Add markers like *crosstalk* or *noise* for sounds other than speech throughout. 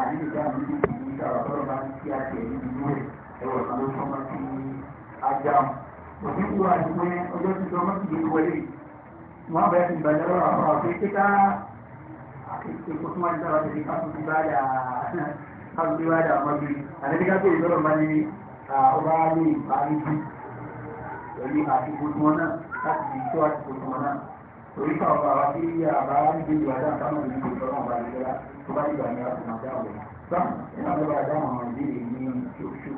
àbí ìdá mi ní ìlú ìdára tọ́lọ́ máa ń kí àjẹ́ nínú rẹ̀ ẹ̀rọ ìpàdé tó máa fi ajá wọn. òbí wo àdúgbò ọjọ́ ti sọ mọ́tì lè wọlé wọn bẹ̀rẹ̀ ti bàjẹ́ lọ́rọ̀ àwọn àwọn pé ká èkó tó máa ń dára tẹ̀lé ká tó ti bá dà ká tó ti bá dà ọmọ bí àtẹ̀lé ká tó lè lọ́rọ̀ máa ní ọba lè parí jù pẹ̀lú àtìkò tí wọn náà torí kan ọba wa tí àbá ń gbé ìwà dáa ká mọ̀ ní ìgbésọ̀ náà bá nígbà tó bá ìgbà ní àtúnṣe àwọ̀ sọ́n nínú àgbẹ̀bà dáhùn àwọn ìbéèrè ní ṣoṣo.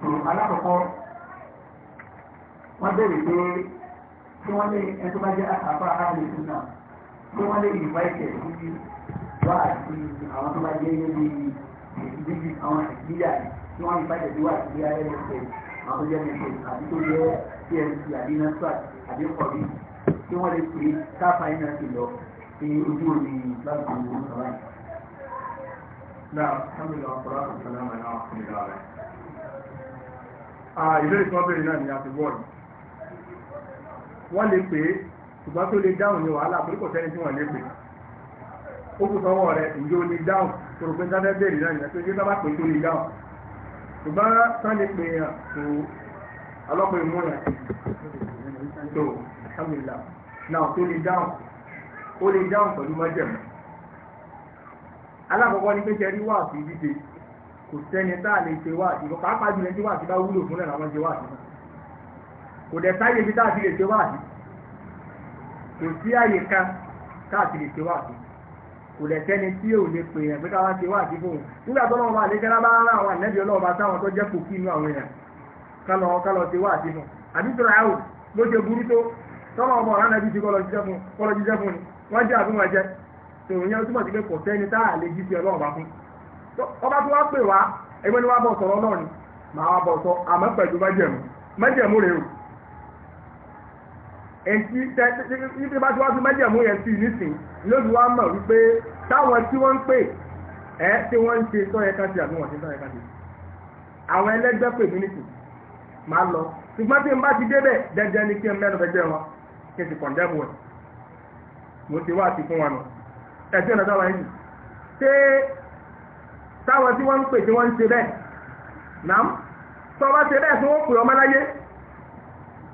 tó alákọ̀ọ́kọ́ wọ́n béèrè pé tí wọ́n lé ẹni tó bá jẹ́ àbá àlè fún náà tí wọ́n lé ìnváìtẹ̀ sí wá àti àwọn tó bá jẹ́ ilé bí ìdíjì àwọn ìdíyà tí wọ́n ìnváìtẹ̀ sí wá àti bí ayẹyẹ àwọn tó jẹ́ mẹ́tẹ̀ àti tó jẹ́ pmc àbí nasa àbí kọ̀bí tí wọ́n lè pè é káfà iná ti lọ sí ojú omi láti ìlú ọ̀sán yìí. Náà, Sámìlì ọ̀pọ̀lá ọ̀sán náà náà fún ìlú ààrẹ. Ilé ìtọ́bìnrin náà ni a ti wọ́ọ̀dù. Wọ́n lè pè é, ṣùgbọ́n tó lè dáhùn ní wàhálà pé kò sẹ́ni tí wọ́n lè pè é. Ó kù sọ́wọ́ rẹ̀ ìjó lè dáhùn, tòrò pé sáfẹ́ bèèrè náà nìyẹn tó ṣe sábà pè tó lè dáhùn. Ṣùgbọ́n tán lè pè é hàn tó ọlọ́pàá ìmúyàn. So, Alhamdulillah. náà tó lè dáhùn ó lè dáhùn pẹ̀lú mọ́jẹ̀mọ́ alákọ̀ọ́kọ́ ní pé tẹ́rí wà sí ìdíje kò sẹ́ni tá a lè ṣe wà sí pàápàá jùlọ tí wà sí bá wúlò fún ẹ̀rọ àwọn ṣe wà sí kò dẹ̀ sáyé bí tá a ti lè ṣe wà sí kò sí àyè kan tá a ti lè ṣe wà sí kò lè sẹ́ni tí ò lè pè yàn pé wá ṣe wá àti fóun nígbà tó lọ́wọ́ bá lè jẹ́lá bá rárá àwọn ànẹ́bí tọ́lọ̀ ọmọ ọ̀rá nàbí ti kọ́ lọ fún ni wọ́n jẹ́ àbí wọn jẹ́ tòun yẹn túmọ̀ sí pé kò sẹ́ni tá lè jí sí ọba tó wá pè wá ẹgbẹ́ ni wá ni wá bọ̀ sọ àmọ́ pẹ̀lú rèé o èyí bá wá sí yẹn sí nísìn wá mọ̀ wípé táwọn tí wọ́n ń pè ẹ́ tí wọ́n ń ṣe àbí wọ́n ṣe ni kí n sì kọ̀ǹdẹ́mù ẹ̀ mo ti wá àti fún wa nù ẹ̀sìn ọ̀nà táwọn ẹ̀yìn ṣé táwọn tí wọ́n ń pè tí wọ́n ń ṣe bẹ́ẹ̀ nàám tó bá ṣe bẹ́ẹ̀ tí wọ́n pè ọmọ láyé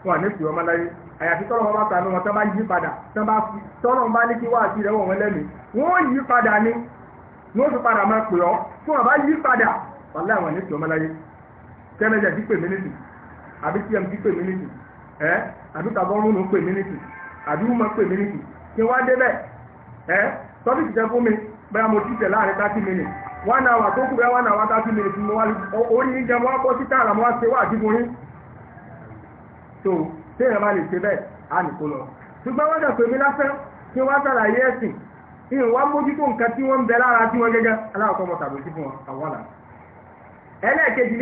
wọn ní pè ọmọ láyé àyàfi tọ́lọ́ wọn bá ta ní wọn tó bá yí padà tó bá fi tọ́lọ́ wọn bá ní kí wá àti rẹ̀ wọ̀n wọn lẹ́nu wọ́n yí padà ni wọ́n fi padà máa pè ọ́ tí wọ́n bá yí padà wàlẹ́ àwọn ní pè ọmọ láyé tẹ́lẹ̀ jẹ́ dípè mínísì àbí tí ẹ̀ ń dípè mínísì ẹ́ àbí tàbọ́rúnù pè mí nìtì àbí wúmọ́ pè mí kí wá débẹ̀ ẹ́ tọ́pìkì jẹ́ fún mi bẹ́ẹ̀ mo ti tẹ̀ láàrin thirty minutes one hour tó kù bẹ́ẹ̀ one hour thirty fún mo wá orí yín jẹun wá bọ́ sí tààrà wá ṣe wá àdìgún yín tó bá lè ṣe bẹ́ẹ̀ á nìkó lọ ṣùgbọ́n wọ́n kí ẹ̀sìn ìhùn wá mójútó nǹkan tí wọ́n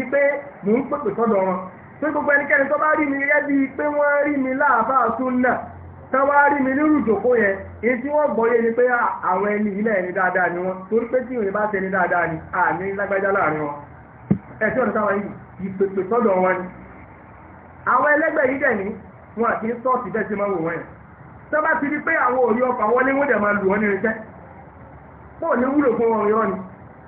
ń bẹ pé gbogbo ẹnikẹ́ni tó bá rí mi gẹ́gẹ́ bíi pé wọ́n rí mi láàfáà náà tó bá rí mi yẹn èyí tí wọ́n gbọ́yé ni pé àwọn ẹni ilẹ̀ ẹni dáadáa ni wọ́n torí pé tí bá tẹni dáadáa ni lágbájá láàrin wọn táwọn ìpèpè sọ́dọ̀ wọn ni àwọn ẹlẹ́gbẹ́ yìí dẹ̀ ní wọn àti sọ́ọ̀tì bẹ́ẹ̀ tí máa wò wọ́n yẹn tó bá ti pé àwọn ní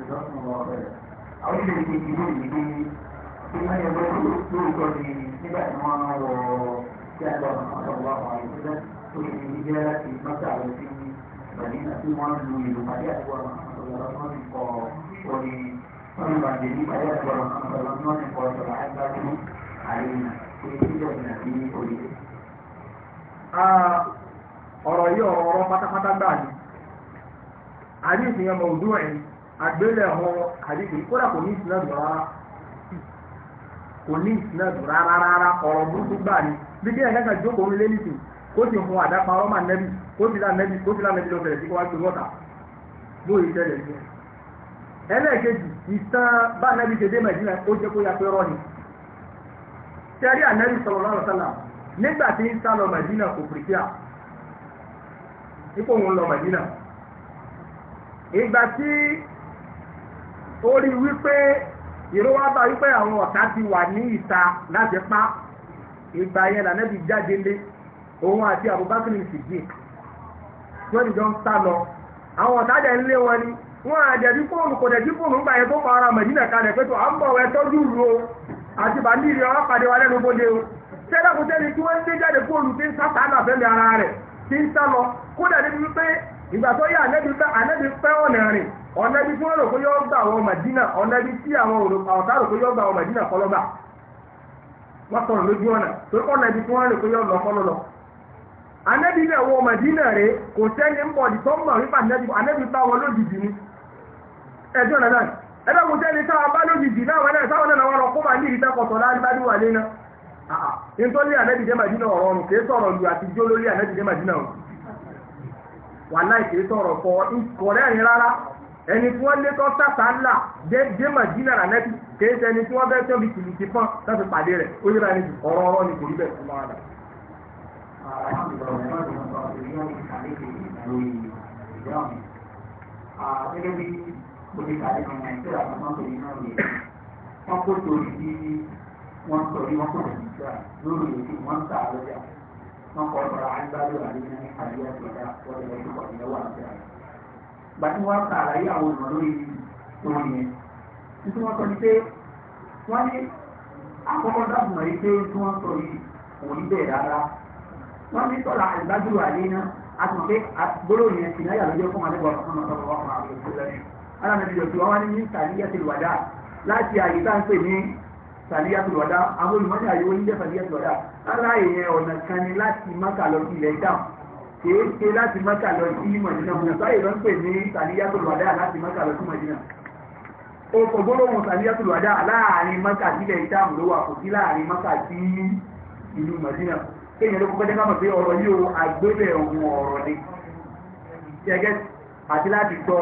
ìdọ́sùn lọ rẹ̀. àwọn ilé ìgbé ìlú ìgbé tí wọ́n yẹ lọ́wọ́ lóòótọ́ ni nígbà tí wọ́n wọ sí àgbà ọ̀dọ́wọ́ àwọn àyẹ̀kọ́ tó ṣe ní jẹ́ láti mọ́tà lọ sí ìgbàlígbà tí wọ́n lu ìlú pàdé àgbà ọ̀dọ́wọ́ tó ń kọ orin wọ́n lu àjẹ́ ní pàdé àgbà ọ̀dọ́wọ́ tó ń kọ ọ̀dọ́wọ́ àgbàdo àyẹ̀nà tó ń kíjọ ìrìnàjò ní orí. ọ̀rọ̀ yìí ọ̀rọ̀ pátápátá gbáà ni àdéhùn yẹn mọ̀ òdúwẹ̀ yìí àgbélẹ̀ ọ̀hún àdìgbò kódà kò ní ìsinadù rárá kò ní ìsinadù burúkú gbà ní bí kí ẹ̀ka kan jókòó ń lé kó sì hun àdápa ọmọ nẹ́bì kó sì lá nẹ́bì kó sì lá nẹ́bì lọ́sẹ̀rẹ̀ sí kó wá sí wọ́ta bóyá ìtẹ́lẹ̀ ní ẹlẹ́ẹ̀kejì ìtàn bá nẹ́bì ya pé rọ́ ni sọ̀rọ̀ nígbà tí lọ torí wípé ìrówábà wípé àwọn ọ̀tá ti wà ní ìta láti ìgbà yẹn lànẹ́bí jáde lé òun àti wọ́n ti jọ ń sá lọ àwọn ọ̀tá jẹ́ ńlé wọn ni wọ́n àjẹ̀dí fóònù kò fóònù gbà yẹn tó pa ara mẹ̀jìnà kalẹ̀ pé tó à ń bọ̀ wẹ́ tọ́jú ro àti bàbí ìrìn ọ̀rọ̀ pàdé wa lẹ́nu bóde o tẹ́lẹ̀kùtẹ́ni tí wọ́n ń gbé jáde fóònù tí ń sá fẹ́mi ara rẹ̀ tí ń sá lọ ọ̀nà ibi tí wọ́n rò pé yọ́ gbà àwọn Màdínà ọ̀nà ibi tí àwọn ọ̀tá rò yọ́ gbà àwọn Màdínà kọlọ́gbà wọ́n lójú ọ̀nà tó ọ̀nà ibi tí wọ́n yọ́ lọ kọ́lọ́ lọ. Ànábì náà Màdínà rè kò sẹ́ni ń bọ̀dì tó ń mọ̀ nípa Ànábì bá wọn lójijì ni ẹjọ́ náà náà ẹgbẹ́ kò sẹ́ni táwọn bá lójijì láwọn náà táwọn náà wọn lọ kó ní ẹni tí wọ́n lé kọ́ sàtàlà dé màdínà ànẹ́bí kìí ṣe ẹni tí wọ́n bẹ́ẹ̀ tọ́bi tìlìtì fún láti pàdé rẹ̀ ó yẹra ẹni ọ̀rọ̀ ọ̀rọ̀ ni kò rí bẹ́ẹ̀ fún wa rẹ̀. gẹ́gẹ́ bí oníkàlẹ́ kan nàìjíríà kan máa ń pè ní náà lè wọ́n kó torí bí wọ́n sọ bí wọ́n kó torí nígbà lórí èyí wọ́n ń ta àlọ́jà wọ́n kọ́ ọ̀rọ̀ àgbáyọ̀ àdéhùn àdéhùn àdéhùn àdéhùn àdéhùn àdéhùn àdéhùn gbàtí wọ́n ka àlàyé àwọn olùmọ̀ lórí ìwọ̀n yẹn títí wọ́n sọ ní pé wọ́n ní àkọ́kọ́ dábùmọ̀ yìí pé tí wọ́n sọ yìí kò ní bẹ́ẹ̀ rárá wọ́n ní sọ̀rọ̀ àìgbájú àlé náà a ti mọ̀ pé gbóló yẹn sì náà yàrá yọ fún àlẹ́ bọ̀ọ̀rọ̀ fún ọ̀sán ọ̀rọ̀ ọ̀rọ̀ àbẹ̀wò lẹ́yìn alàmì ìjọ sàlíyà ti wàdà láti àyè tá à ń sàlíyà ti wàdà lára èèyàn ọ̀nà kan ni láti máka lọ sí ilẹ̀ dáhùn kìí ṣe láti mọ́kà lọ sí mọ̀dínà mùsàáyì ló ń pè ní sàníyàtòlù wàdà láti mọ́kà lọ sí mọ̀dínà o kò gbólóhùn sàníyàtòlù wàdà láàrin mọ́kà sílẹ̀ ìtààmù ló wà kò sí láàrin mọ́kà sí ìlú mọ̀dínà kéèyàn ló kọ́kọ́ dẹ́gbàmọ̀ pé ọ̀rọ̀ o àgbébẹ̀ ohun ọ̀rọ̀ ni gẹ́gẹ́ àti láti tọ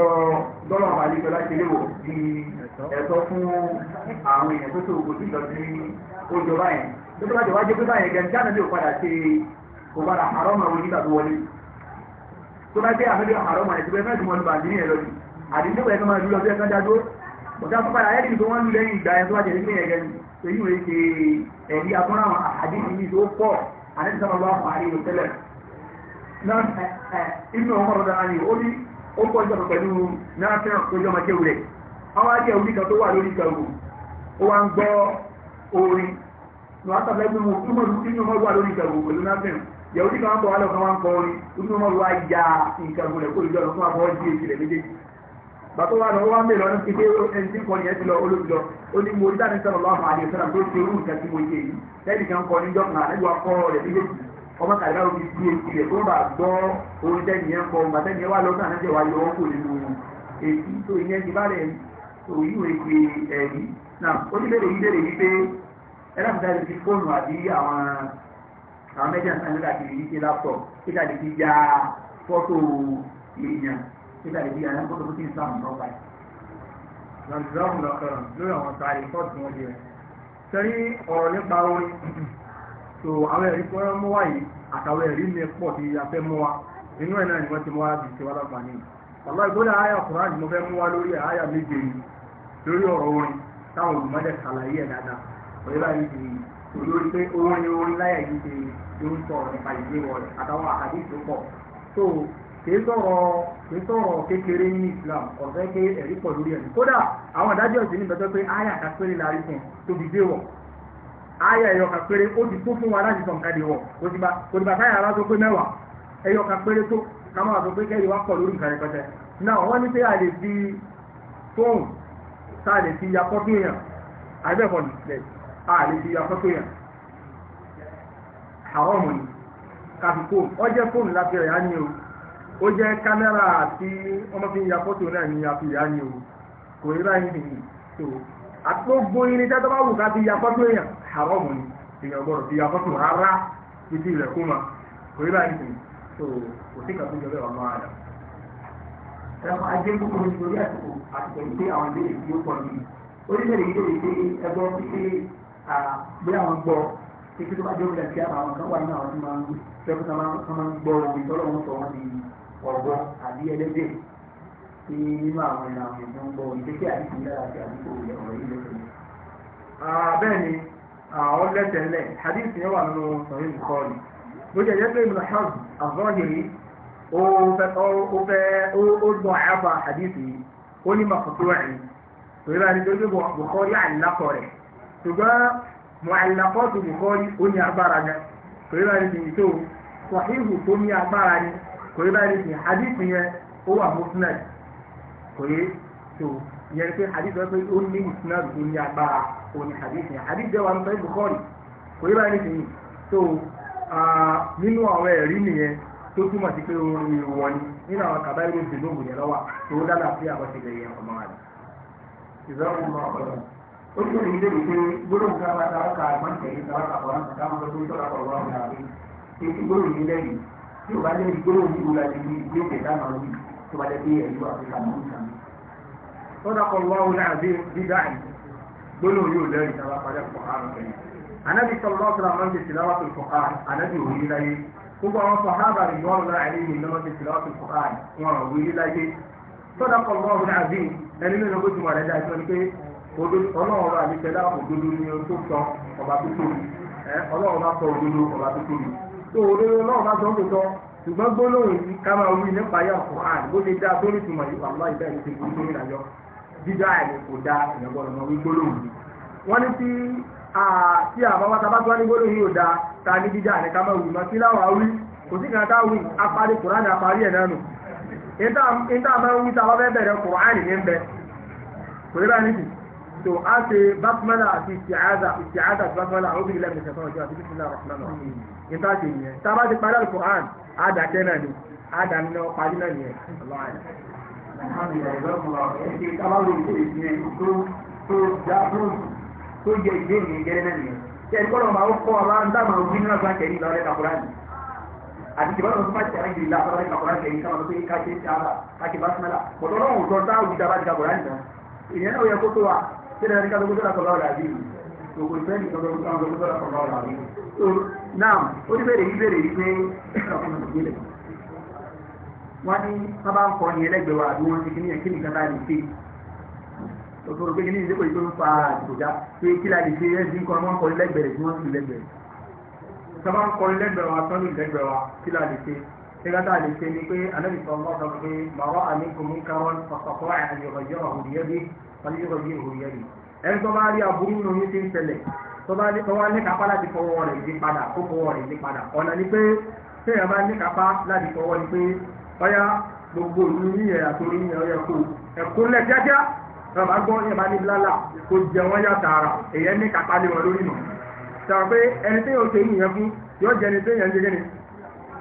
dọ́là àbálẹ́jọ láti léwò di ẹ̀tọ́ fún àwọn èèyàn tó tó ògbó sí ìjọ sí ó jọba yẹn tó tó bá jọ wá jẹ́ pé báyẹn gẹ̀ kò padà àrọ́mà wọn nígbà tó wọlé tó bá jẹ́ àfẹ́lẹ́ àrọ́mà ẹ̀ tó bẹ́ẹ̀ mẹ́sùn mọ́lú bàjẹ́ yẹn lọ́dún àdínkù ẹ̀kan máa dúró ọjọ́ ẹ̀kan jágbó ọ̀dá tó padà ayẹ́dì tó wọ́n lù lẹ́yìn ìgbà ẹ̀ tó wájẹ̀ nílé ẹ̀gẹ́ ni èyí wòye ṣe ẹ̀rí afọ́nrán àdínkù yìí tó pọ̀ àdínkù sábà wà fún àríwò tẹ́lẹ̀ inú ọmọ rọ̀dà ni ó ní ó pọ̀ ìjọba pẹ̀lú náà fẹ́ràn tó jọmọ kéwù rẹ̀ àwọn ajẹ́ orí kan tó wà lórí ìgbàgbò ó wá ń gbọ́ orin lọ́wọ́ yẹ̀wùdí kan kọ̀ alọ́ kan wá ń kọ́ orin ojú ọmọ wa ya nǹkan gbọ́dọ̀ kó ìjọ lọ́kọ́ àbọ̀ jí èsì rẹ̀ méjèèjì bàtọ́ wa lọ́wọ́ ń bè lọ́nà kété ẹni tí kọ́ yẹn ti lọ olóbi lọ ó ní mo dáni sọ̀rọ̀ lọ́wọ́ àdìẹ sọ̀rọ̀ tó ti rú nǹkan tí mo yé yìí lẹ́yìn kan kọ́ níjọ́ kan àlejò akọ́ rẹ̀ méjèèjì ọmọ kàdé báwo fi di èsì rẹ̀ tó bá gbọ́ orin tẹ́ni ni wà lọ́sàn án jẹ́ wà yọ ní bèrè àwọn mẹ́jọ náà nígbà tí yìí ṣe láptọ̀ kíkà lè fi ya fọ́tò èèyàn kíkà lè fi ya ní fọ́tò tó ti ń sáàmù náà báyìí. lọ́nà lọ́kàn lórí àwọn sáré fọ́ọ̀tù wọn jẹ sẹ́rí ọ̀rọ̀ nípa orin tó àwọn ẹ̀rí tó rán mú wá yìí àtàwọn ẹ̀rí mi pọ̀ tí a fẹ́ mú wa inú ẹ̀ náà ni wọ́n ti mú wa bí ṣe wá láǹfààní pẹ̀lú àyè ti olórí pé owó ni orí láyà yìí ti ti ń sọ̀rọ̀ nípa ìdí wọlé àtàwọn àkàdé tó Islam ọ̀fẹ́ pé ẹ̀rí pọ̀ lórí ẹ̀mí kódà àwọn ìdájọ́ ìsìn ní bẹ́tọ́ pé áyà kan péré la rí fún tó fi dé wọ̀ áyà ẹ̀yọ̀ kan péré ó ti tó fún wa láti sọ nǹkan dè wọ̀ kò ti bá táyà ara tó pé mẹ́wàá ẹ̀yọ̀ kan péré tó ká máa sọ pé kẹ́rì wá pọ̀ lórí nǹkan rẹpẹtẹ náà wọ́n ní ààrẹ fi afọ́tò yàn haram ni káfí fóònù ó jẹ́ fóònù láti rẹ̀ á ní o ó jẹ́ kámẹ́rà tí ọmọ fi ń ya fọ́tò náà ní àfi rẹ̀ ní o kò rí báyìí nìyí tó àtúgbò irin tẹ́tọ́ bá wù ká fi ya fọ́tò yàn haram ni èèyàn gbọ́dọ̀ fi ya fọ́tò rárá títí rẹ̀ kó mà kò rí báyìí nìyí tó kò sí kàtó jọ bẹ́ẹ̀ wà máa dà ẹ̀fọ́ ajé kúkú nítorí àsìkò àsìkò ìgbé àwọn ìbéèrè bí àwọn gbọ́ títí ndị bá dé òkúta gbọ́ ń rẹ̀ ṣùgbọ́n mu'allaqatu Bukhari ó ní agbára gan kò rí báyìí nìyí tó sahihu tó ní agbára ni kò rí báyìí nìyí hadith yẹn ó wà musnad kò rí tó yẹn pé hadith wọn pé ó ní musnad tó ní agbára ó ní hadith yẹn hadith jẹ́ wà ní sahih Bukhari kò rí báyìí tó nínú àwọn ẹ̀rí nìyẹn tó túmọ̀ sí pé orin ìwọ ni nínú àwọn kàbá ìròyìn ìlú ògùn yẹn lọ́wọ́ tó dára sí àwọn ìṣẹ̀lẹ̀ yẹn ọmọ rẹ̀. ìzọ́rùn náà ọ̀rọ̀ ó tún lè lébi pé gbólóhùn tí a bá tara ka àgbọn tẹ̀lé tara ka bọ̀rọ̀ nǹkan táwọn tó ń tọ́ra kọ̀ wá wọn àbí ṣe tí gbólóhùn yìí lẹ́yìn tí ò bá lẹ́yìn gbólóhùn yìí wúlò àti ní ilé ìtẹ̀dá náà wí tó bá dẹ́gbé ẹ̀yí wà fún ìkàmú ìkàmú. tọ́ra kọ̀ wá wọn àbí dídá yìí gbólóhùn yóò lẹ́yìn tara padà fọ̀ àrùn kẹ́yìn. anabi sallallahu alaihi wasallam ti tilawa tó fọ̀ àrùn anabi ò wí láyé gbogbo àwọn sọ̀hábà rẹ̀ yọ̀ọ́ lọ́la àlẹ́ yìí lọ́wọ́ ti tilawa tó fọ̀ àrùn wọn ò wí láyé. tọ́ra kọ̀ wá àbí ẹni nínú bó ti wà lẹ́dá ìtọ́ni pé ọlọ́run ọba àdìsẹ́ láwọn òdodo ni o tó sọ ọba tó tóbi ọlọ́run bá sọ òdodo ọba tó tóbi tó òdodo ọlọ́run bá sọ ń tòótọ́ ṣùgbọ́n gbólóhùn yìí ká máa wí nípa ayé àkùnrin bó ṣe dáa tó nítumọ̀ yìí wàhálà ìbẹ́ ìṣe kò tó ní àjọ dídá àìlè kò dá ìyàgbọ́n ọmọ wí gbólóhùn yìí wọ́n ní tí tí àbáwá tabátú wá ní gbólóhùn yìí ò dáa ta ní dídá àìlè máa wí mọ́ sí láwọn awí kò sí kan apárí kùránì apárí ẹ̀ nánu ìta máa ń wí ta wọ́n fẹ́ bẹ̀rẹ̀ kùránì ní ń bẹ kò ní tó a ṣe basmala àti ìṣàádà ìṣàádà àti basmala àwọn obìnrin lẹ́mìí ṣẹ̀fọ́n ọjọ́ àti bísí lára ọ̀sán náà nípa ṣe yẹn tá a bá ti parí alukur'an a dàkẹ́ náà ni a dà nínú parí náà nìyẹn ọlọ́wà yẹn. tó yẹ ìdí ènìyàn jẹ́rẹ́ náà nìyẹn tí ẹni kọ́lọ̀ máa ń kọ́ ọ máa ń dáàmà ojú nínú àgbà kẹ́rin lọ lẹ́ka kúránì àti ìbára tó máa tẹ̀lé ìlà àbára lẹ́ka kúránì kẹ́rin káwọn tó yẹ ká ṣe é ṣe àbá ká ṣe bá sinmi la pọ̀tọ́ lọ́wọ́ òótọ́ táwọn òjì dábàá ti ka kúránì náà ìyẹn náà yẹ kó tó wa kílẹ̀ ẹ̀ríkà tó gbọ́dọ̀ kọ̀ọ̀lọ́ ràbí gbogbo ìfẹ́ nìkan tó gbọ́dọ̀ kọ̀ọ̀lọ́ ràbí. so now ó ní bèrè yí bèrè yí pé ọkùnrin ìgbélẹ̀ wọ́n ní sábà ń kọ́ ní ẹlẹ́gbẹ̀ẹ́ wa àbí wọ́n ti kíní ẹ̀kíní kan láì fi òfòrò pé kíní ìdíkò ìtò ń fa àtìkòjá pé kí láì fi ẹ̀sìn ń kọ́ wọ́n kọ́ lẹ́gbẹ̀ẹ́ tí wọ́n sì lẹ́gbẹ̀ẹ́ sábà ń kọ́ lẹ́gbẹ̀ẹ́ wa tán ní lẹ́gbẹ̀ẹ́ wa kí láì fi sígáta lè ṣe ni pé anábì sọ ọmọ sọ pé màwá àmì kùmí karol ọ̀sọ̀kọ́ àyọ̀yọ̀ òhùrìyẹ́bí ọlọ́yọ̀yọ̀ òhùrìyẹ́bí ẹni tó bá rí aburú nínú yín ti ń ṣẹlẹ̀ tó bá ní kápá láti fọwọ́ rẹ̀ yí padà kó fọwọ́ rẹ̀ yí padà ọ̀nà ni pé téèyàn bá ní kápá láti fọwọ́ ni pé ọ̀yá gbogbo ìlú yíyẹ àtòrí yíyẹ ọ̀yẹ kó ẹ̀kọ́ lẹ̀ jájá bàbá gbọ́ yẹn bá ní lálà kó jẹ wọ́n yá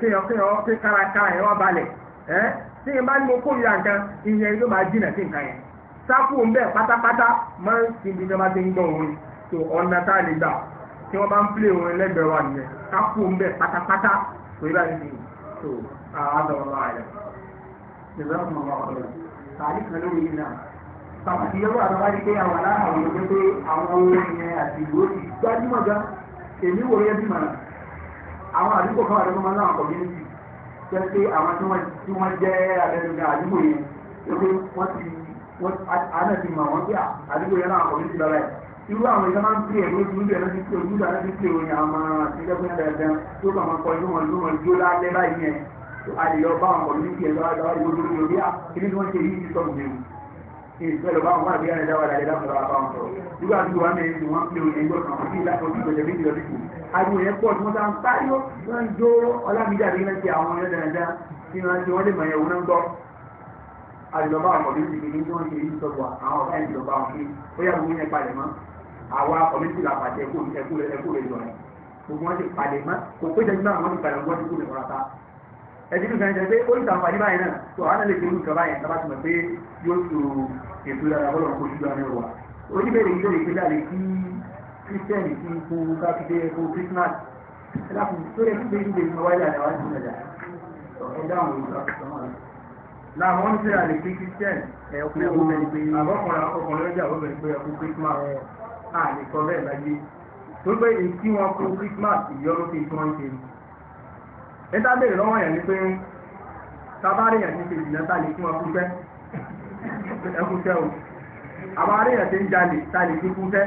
kéèyàn kéèyàn kala kárakára wá balẹ̀ ẹ́ tí yẹn ní mo kórìíra nǹkan ìyẹn ló máa jìnà sí nǹkan yẹn sáfù ń bẹ̀ pátápátá máa ń sin bí wọ́n bá ti ń gbọ́ òun tó ọ̀nà tá a lè gbà tí wọ́n bá ń pílè òun lẹ́gbẹ̀ẹ́ wa nìyẹn sáfù ń bẹ̀ pátápátá tó yẹ báyìí nìyẹn tó àádọ́rọ̀ ààrẹ. àwọn àdúgbò kan àdúgbò máa ń láwọn community jẹ́ pé àwọn tí wọ́n jẹ́ àdẹ́gbẹ̀gbẹ̀ àdúgbò yẹn pé wọ́n ti wọ́n àná ti mọ̀ wọ́n pé àdúgbò yẹn láwọn community lọ́la yẹn irú àwọn ìjọba máa ń pè é lójú ìlú ẹ̀rọ ti pè ojú ìlú ẹ̀rọ ti pè oyin àwọn àtijọ́gbìn ẹ̀rẹ̀dẹ̀n tó kàn máa kọ inú wọn inú wọn jó lálẹ́ báyìí yẹn a lè lọ bá àwọn community ẹ̀rọ àjọ àjọ olórí orí à kí ni wọ́n ṣe yí ìsọ̀gbìn ìfẹ́lẹ̀ bá wọn bá àbíyá ẹ̀dá wà láyé lápẹ̀lá bá wọn sọ̀rọ̀ nígbà tí wọn mẹ́rin ni wọ́n pè òye ẹgbẹ́ kan sí ìlànà ojú ìgbẹ̀jẹ̀ méjì lọ dìbò ariwo yẹn pọ̀ tí wọ́n sá ń táyọ̀ wọ́n ń jó ọlámídà bí wọ́n ti àwọn ẹ̀rọ dáadáa tí wọ́n ti wọ́n lè mọ̀ ẹ̀wọ̀n náà ń gbọ́. àjọba àkọ́bí ti ní wọ́n ti rí sọ̀bọ̀ àwọn ọ̀gá ìjọba wọn kí ó yà wọ́n yẹn palẹ̀ ẹ̀dínú kan jẹ́ pé ó ń sàǹfàní báyìí náà tó àwọn ẹlẹ́gbẹ̀ẹ́ ìlú kan báyìí tàbá tìmọ̀ pé yóò tó ètò ìlànà ọlọ́run kò ṣùgbọ́n ní wa oníbẹ̀rẹ̀ ìjọ lè gbéjà lè kí kírísítẹ́nì kí kú káfíńdé kó kírísímàsì ẹlẹ́kùn tó yẹ kí gbé ìlú ìgbésí wáyé àdáwà sí ìrìnàjà ẹ̀dá àwọn olùkọ́ láwọn ń tẹ́ra lè kí kírísítẹ́nì ẹ̀kú àbọ̀kùnrin ọkùnrin lọ́jà obìnrin pé ẹkú kírísímàsì à lè sọ bẹ́ẹ̀ láyé tó pé èyí tí wọ́n kú kírísímàsì ìyọ́nú fi tí wọ́n ń ṣe níta bèèrè lọ́wọ́ yẹn ni pé tabari yẹn ti ṣe ìdìnà tàlè fún ẹkúṣẹ́ ẹkúṣẹ́ o àbárí yẹn ti ń jalè tàlè fi kúṣẹ́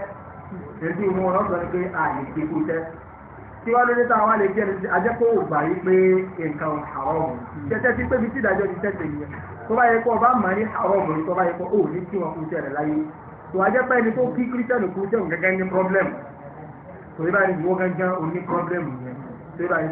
èdè ìmú ọlọ́sọ̀ ni pé àlè fi kúṣẹ́ tí wọ́n lórí tá a wá lè jẹ́ ní ajẹ́kọ̀ ògbà yìí pé nǹkan haram tẹ́tẹ́ sí pé bí tí ìdájọ́ ti tẹ́tẹ́ yẹn tó bá yẹ kó ọba mọ̀ ní haram tó bá yẹ kó ó ní kí wọ́n kúṣẹ́ rẹ̀ láyé tó ajẹ́ pé ẹni tó kí kírísítẹ́nì kúṣẹ́ òun gẹ́gẹ́ ní pọ́blẹ́mù tó yẹ báyìí ìwọ gángan òní pọ́blẹ́mù yẹn tó yẹ báyìí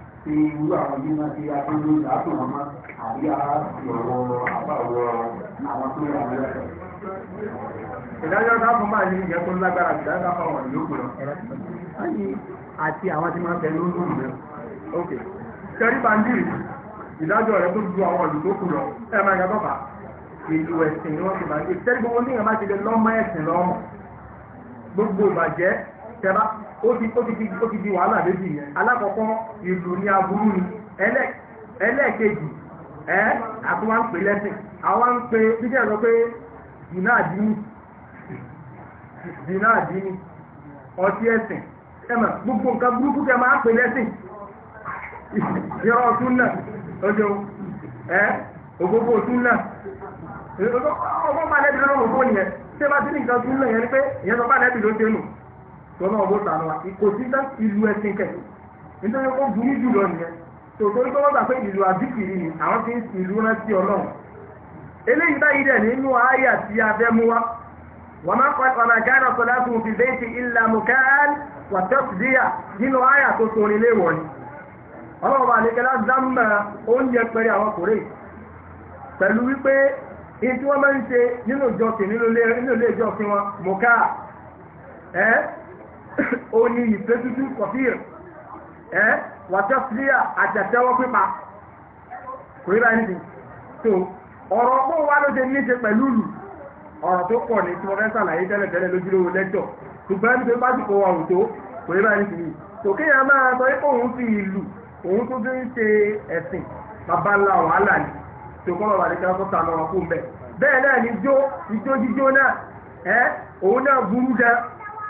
tí irú àwọn yìí máa fi apáńdó ìdáàbò wọn máa àbí àbáwọ̀ àbáwọ̀ àwọn tó yà wọ́n lẹ́sẹ̀. ìdájọ́ káfọ́ máa ní ìyẹn tó lágbára ìdájọ́ káfọ́ wọn yòókù lọ. àti àwọn tí máa fẹ́ ló ń lò lọ. ok sẹ́rí bandiri ìdájọ́ rẹ̀ tó ju àwọn ìlú tó kù lọ ẹ máa yẹ bọ́fà ìlú ẹ̀sìn ni wọ́n ti bandiri sẹ́rí gbogbo ní ìyàbá ti lè lọ́mọ ẹ̀sìn lọ́mọ gbogbo ìbàjẹ́ tẹ́bá ó ti ó ti fi ó ti fi wàhálà méjì yẹn alákọ̀ọ́kọ́ ìlú ní aburú ni ẹlẹ́ẹ̀kejì ẹ́ àti wá ń pè lẹ́sìn àwa ń pe bíjẹ́ ẹ̀ lọ pé dìnnà àdínì dìnnà àdínì ọtí ẹ̀sìn ẹ̀mọ̀ gbogbo nǹkan burúkú kẹ máa pè lẹ́sìn yọrọ tún náà ọjọ́ ẹ́ ògbógbò tún náà ọgbọ́n bá lẹ́bi lọ́wọ́ ògbó nìyẹn tí ẹ bá sí nǹkan tún náà yẹn ni pé ìyẹn sọ bá lẹ́bi ló dé tọ́lá ọ̀bọ̀ tànù wa kò sí sá ìlú ẹ̀sìn kẹ̀ nítorí ó burú jù lọ nìyẹn tòótọ́ nítorí wọ́n gbà pé ìlú àdìkìrì ni àwọn fi ń sin ìlú rántí ọlọ́run eléyìí báyìí dẹ̀ nínú àyà tí a wa wọ́n máa kọ́ ọ̀nà gáàdà sọ̀dá fún fi bẹ́ẹ̀tì ìlà mùkáàl wàtẹ́fìdíyà nínú àyà tó sorin léwọ̀ ni ọlọ́run bá lè kẹ́lá *coughs* ó ní ìfẹ́ tútù kọfíìr ẹ́ wàtẹ́sílíà àjẹsẹ́wọ́ pípa kò rí báyìí tó ọ̀rọ̀ pọ̀ wá ló ṣe níṣe pẹ̀lú ìlú ọ̀rọ̀ tó pọ̀ ní tí wọ́n fẹ́ tẹ́lẹ̀ tẹ́lẹ̀ lójúlówó lẹ́jọ́ ṣùgbọ́n nítorí bá ti kó wa òtó kò rí tó máa sọ pé òun fi ìlú òun tó fi ń ṣe ẹ̀sìn bàbá ńlá wàhálà ni tó kọ́ bàbá nìkan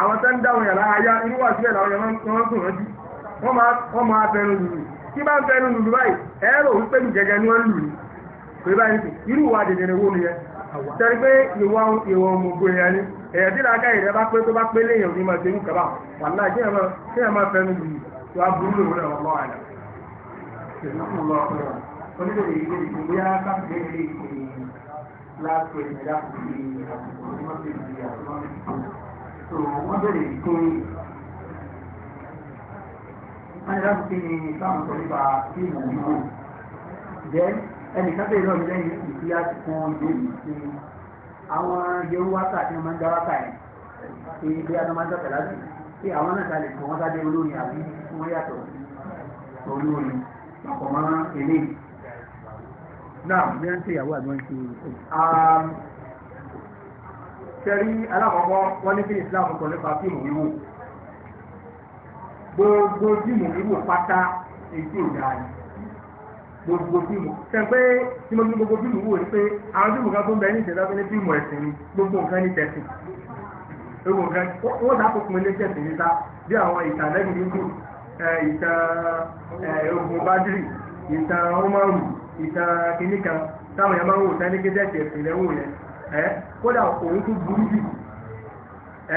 àwọn tẹ́ ń dáhùn yàrá ayá inú wà sílẹ̀ làwọn yàrá wọn kùn rántí wọ́n máa bẹnu lùlù tí bá ń bẹnu lùlù báyìí ẹ̀rọ wípé mi gẹ́gẹ́ ni wọ́n lù ní pé báyìí sì irú wa dèdèrè wo nìyẹn tẹ́rí pé ìwà ìwọ̀n ògbò èèyàn ni èèyàn tí làákà ìrẹ́ bá pé tó bá pé léèyàn kaba kí máa tó á tó wọ́n bèrè pé ayélujára kí ni táwọn sọ nípa fíìmù wíwò jẹ́ ẹnìkan bèrè lọ́ọ̀mí lẹ́yìn ìdí àsìkò ìbéèrè pé àwọn yẹ̀wò wákà tí wọ́n máa ń dá wákà yẹn pé bí a máa ń dọ̀kẹ̀ láti pé àwọn náà kalẹ̀ tó wọ́n bá dé olórin àbí wọ́n yàtọ̀ olórin ọkọ̀ mọ́ eléyìí. náà bí wọ́n ń ṣe ìyàwó àgbọn ṣe. Um, tẹ̀rí alákọ̀ọ́kọ́ wọ́n ní kí Islam sọ nípa fíìmù wíwò gbogbo fíìmù wíwò pátá èyí ò dáa ni gbogbo fíìmù ṣe pé tí mo ní gbogbo fíìmù wò ni pé àwọn fíìmù kan tó ń bẹ ní ìṣẹ̀dá ní fíìmù ẹ̀sìn ni gbogbo nǹkan ní tẹ̀sìn gbogbo nǹkan wọ́n dákò fún ilé tẹ̀sìn níta bí àwọn ìtàlẹ́yìn nínú ìtàn ogun bádìrì ìtàn ọmọrùn ìtàn kìnnìkan táwọn yàrá máa ń wò sẹ́ni kí tẹ̀sìn ẹ̀sìn lẹ́wọ̀ yẹn ẹ́ kódà òun tún burú jù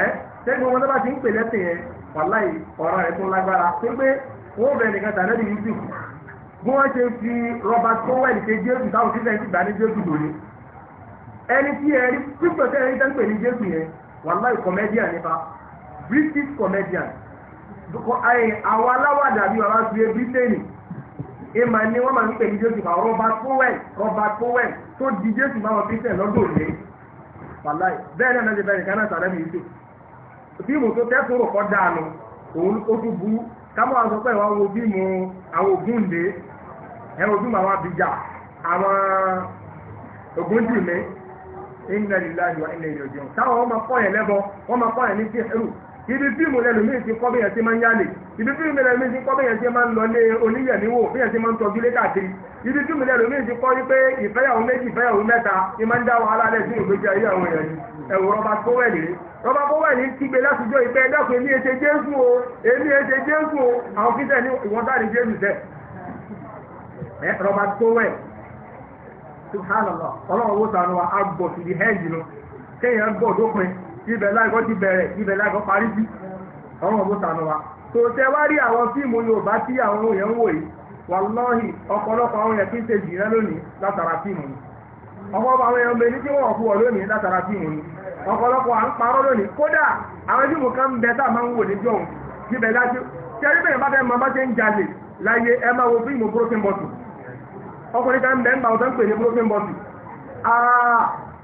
ẹ́ sẹ́gun wọn tó ti ń pè lẹ́sìn yẹn wàláì ọ̀rọ̀ rẹ̀ tún lágbára tó pé wọ́n bẹ̀rẹ̀ nìkan tàn lẹ́bi yusuf bí wọ́n ṣe fi Robert Powell ṣe jésù táwọn kristian ti gbà ní jésù lórí ẹni tí ẹni pípọ̀ tẹ́ ẹni tẹ́ńpẹ̀ ní jésù yẹn comedian nípa British comedian àwọn aláwàdà bíi bàbá fi ebí tẹ́nì ìmọ̀ ni wọ́n máa ń pè ní jésù Robert tó di jésù báwọn kristian lọ́dún òní pàláì bẹ́ẹ̀ náà lọ́dún bẹ́ẹ̀ gánà sàrẹ́ mi yìí tó tó rò kọ́ dànù òun ó tún àwọn wo àwọn àwọn kọ́ yẹn lẹ́bọ wọ́n máa kọ́ ní ibi fíìmù lẹ́lùmí ti kọ́ bẹ́yẹn tí máa ń yálè ibi fíìmù lẹ́lùmí ti kọ́ bẹ́yẹn tí máa ń lọ lé oníyẹ̀míwò bẹ́yẹn tí máa ń tọ́jú lé káàkiri ibi fíìmù lẹ́lùmí ti kọ́ wípé ìfẹ́yàwó méjì ìfẹ́yàwó mẹ́ta ti máa ń dá wàhálà lẹ̀ sí ìgbésí ayé àwọn èèyàn yìí ẹ̀wù rọba kówẹ̀lì rí rọba kówẹ̀lì kígbe látijọ́ ìpẹ́ ẹ̀dọ́kùn èmi èṣe jésù o èmi èṣe jésù o àwọn kí tẹ̀lé ìwọ́n sáré jésù tẹ̀ rọba kówẹ̀lì subhanallah ọlọ́run wo sànù wa agbọ̀ ibẹ̀ lágọ́ ti bẹ̀rẹ̀ ibẹ̀ lágọ́ parí sí ọ̀rọ̀ ọ̀gbọ́n sànù tó tẹ wá rí àwọn fíìmù Yorùbá tí àwọn èèyàn ń wò yìí wàlọ́hì ọ̀pọ̀lọpọ̀ àwọn ṣe lónìí látara fíìmù ni ọ̀pọ̀lọpọ̀ àwọn èèyàn ní tí wọ́n kú lónìí látara fíìmù ni ọ̀pọ̀lọpọ̀ à ń parọ́ lónìí kódà àwọn fíìmù kan ń bẹ tá a máa ń wò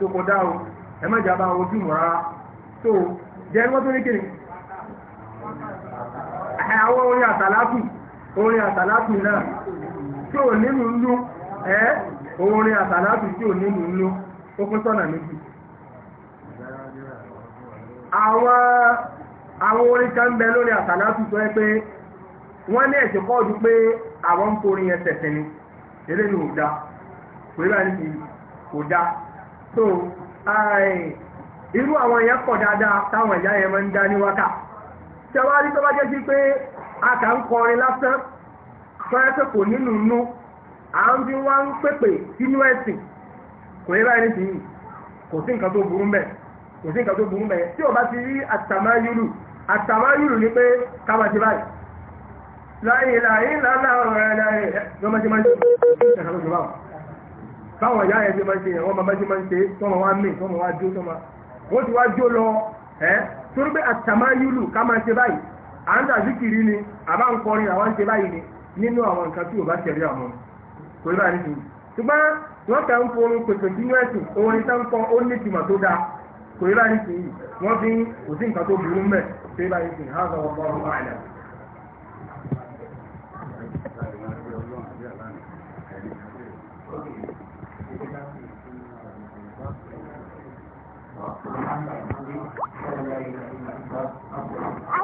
tó kọjá o ẹ má jàbá mọ̀ rárá tó jẹ́ wọ́n tó ní kiri àwọn orin àtàlákù orin àtàlákù náà tí ò nínú ń ẹ́ orin àtàlákù tí ò nínú ń ó fún sọ́nà méjì àwọn orin kan bẹ lórí àtàlákù tó ẹ pé wọ́n ní ẹ̀sìn kọ́ọ̀dù pé àwọn ń ẹsẹ̀ so irú àwọn èèyàn pọ̀ dáadáa táwọn ìyá yẹn máa ń dá ní wákà tẹwàá rí tó bá jẹ́ sí pé a kà ń kọrin lásán pẹ́ẹ́pẹ́ kò nínú inú à ń bí wá ń pèpè sínú ẹ̀sìn kò yẹ báyìí nìsín yìí kò sí nǹkan tó burú mbẹ̀ kò sí nǹkan tó burú mbẹ̀ tí o bá ti rí àtàmáyúlù àtàmáyúlù ni pé ká máa ti báyìí láyé láyé lánàá ọ̀rẹ́ láyé lọ́mọdé máa ń ṣe ìṣẹ̀kà báwọn báwọn ìyá yẹn ṣe máa ń ṣe yẹn wọ́n máa ṣe máa ń ṣe tọ́mọ wá mí tọ́mọ wá jó tọ́mọ wọ́n ti wá jó lọ ẹ́ torí pé àtàmáyúlù ká máa ṣe báyìí à ń dàzíkiri ni àbá ń kọrin àwọn ń ṣe báyìí ni nínú àwọn nǹkan tí ò bá ṣẹ̀rí àwọn kò ní báyìí nìyí ṣùgbọ́n wọ́n kà ń forin pèsè sínú ẹ̀sìn orin tó ń kọ ó ní tìmọ̀ tó dáa kò báyìí nìyí wọ́n fi kò sí nǹkan tó burú mẹ́ ṣe báyìí nìyí